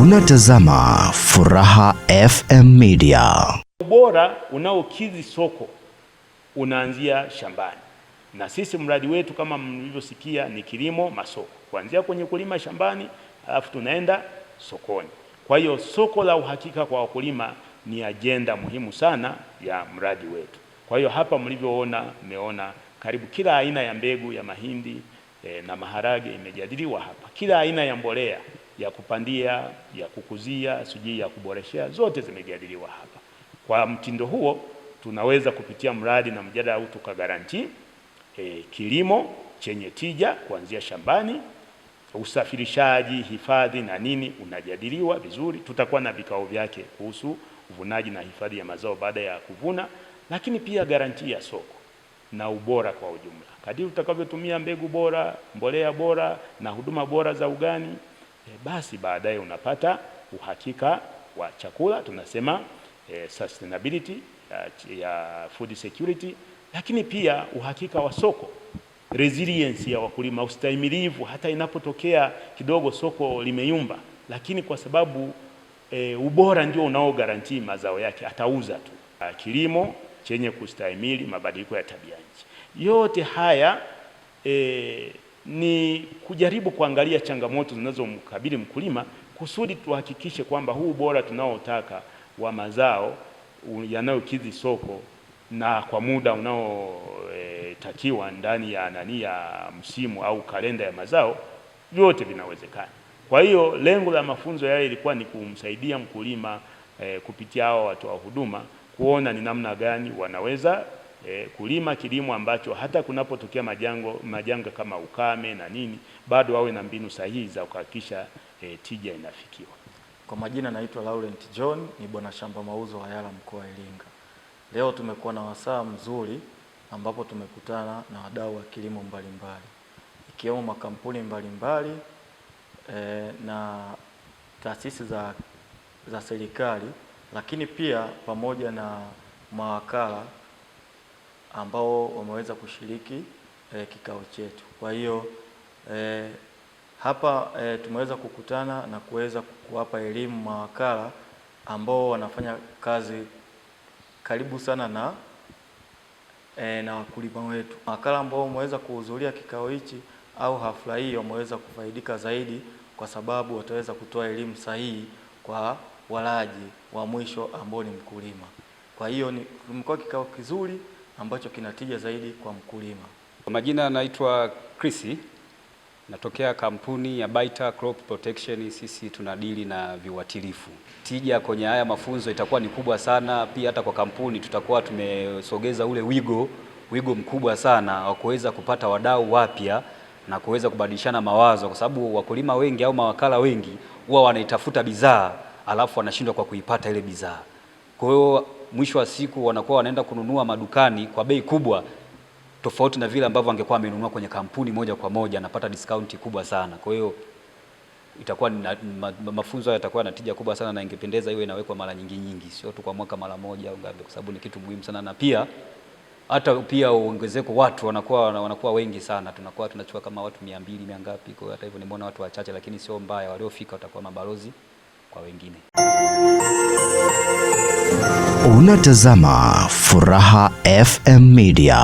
Unatazama Furaha FM Media. Ubora unaokidhi soko unaanzia shambani, na sisi mradi wetu kama mlivyosikia ni kilimo masoko, kuanzia kwenye kulima shambani, alafu tunaenda sokoni. Kwa hiyo soko la uhakika kwa wakulima ni ajenda muhimu sana ya mradi wetu. Kwa hiyo hapa mlivyoona, mmeona karibu kila aina ya mbegu ya mahindi eh, na maharage imejadiliwa hapa, kila aina ya mbolea ya kupandia, ya kukuzia, sijui ya kuboreshea, zote zimejadiliwa hapa. Kwa mtindo huo tunaweza kupitia mradi na mjadala huu tukagaranti e, kilimo chenye tija kuanzia shambani, usafirishaji, hifadhi na nini unajadiliwa vizuri. Tutakuwa na vikao vyake kuhusu uvunaji na hifadhi ya mazao baada ya kuvuna, lakini pia garanti ya soko na ubora kwa ujumla, kadiri utakavyotumia mbegu bora, mbolea bora na huduma bora za ugani e, basi baadaye unapata uhakika wa chakula, tunasema e, sustainability ya, ya food security, lakini pia uhakika wa soko, resilience ya wakulima, ustahimilivu hata inapotokea kidogo soko limeyumba, lakini kwa sababu e, ubora ndio unaogarantii mazao yake, atauza tu. Ah, kilimo chenye kustahimili mabadiliko ya tabia nchi, yote haya e, ni kujaribu kuangalia changamoto zinazomkabili mkulima kusudi tuhakikishe kwamba huu ubora tunaotaka wa mazao yanayokidhi soko na kwa muda unaotakiwa e, ndani ya nani ya msimu au kalenda ya mazao vyote vinawezekana. Kwa hiyo lengo la mafunzo yale ilikuwa ni kumsaidia mkulima e, kupitia hao watoa huduma kuona ni namna gani wanaweza e, kulima kilimo ambacho hata kunapotokea majango majanga kama ukame na nini bado wawe na mbinu sahihi za kuhakikisha e, tija inafikiwa. Kwa majina naitwa Laurent John, ni bwana shamba mauzo wa Yala mkoa wa Iringa. Leo tumekuwa na wasaa mzuri ambapo tumekutana na wadau wa kilimo mbalimbali ikiwemo makampuni mbalimbali e, na taasisi za, za serikali lakini pia pamoja na mawakala ambao wameweza kushiriki e, kikao chetu. Kwa hiyo e, hapa e, tumeweza kukutana na kuweza kuwapa elimu mawakala ambao wanafanya kazi karibu sana na e, na wakulima wetu. Mawakala ambao wameweza kuhudhuria kikao hichi au hafla hii wameweza kufaidika zaidi, kwa sababu wataweza kutoa elimu sahihi kwa walaji wa mwisho ambao ni mkulima. Kwa hiyo ni mkoa kikao kizuri ambacho kinatija zaidi kwa mkulima. Kwa majina anaitwa Chris, natokea kampuni ya Baita Crop Protection. Sisi tunadili na viuatilifu. Tija kwenye haya mafunzo itakuwa ni kubwa sana, pia hata kwa kampuni tutakuwa tumesogeza ule wigo wigo mkubwa sana wa kuweza kupata wadau wapya na kuweza kubadilishana mawazo, kwa sababu wakulima wengi au mawakala wengi huwa wanaitafuta bidhaa alafu wanashindwa kwa kuipata ile bidhaa. Kwa hiyo mwisho wa siku wanakuwa wanaenda kununua madukani kwa bei kubwa tofauti na vile ambavyo angekuwa amenunua kwenye kampuni moja kwa moja, anapata discount kubwa sana. Kwa hiyo itakuwa ma, mafunzo haya yatakuwa na tija kubwa sana, na ingependeza iwe inawekwa mara nyingi nyingi, sio tu kwa mwaka mara moja au ngapi, kwa sababu ni kitu muhimu sana, na pia hata pia uongezeko watu wanakuwa wanakuwa wengi sana, tunakuwa tunachukua kama watu 200 mia ngapi. Kwa hiyo hata hivyo nimeona watu wachache, lakini sio mbaya, waliofika watakuwa mabalozi kwa wengine. Unatazama Furaha FM Media.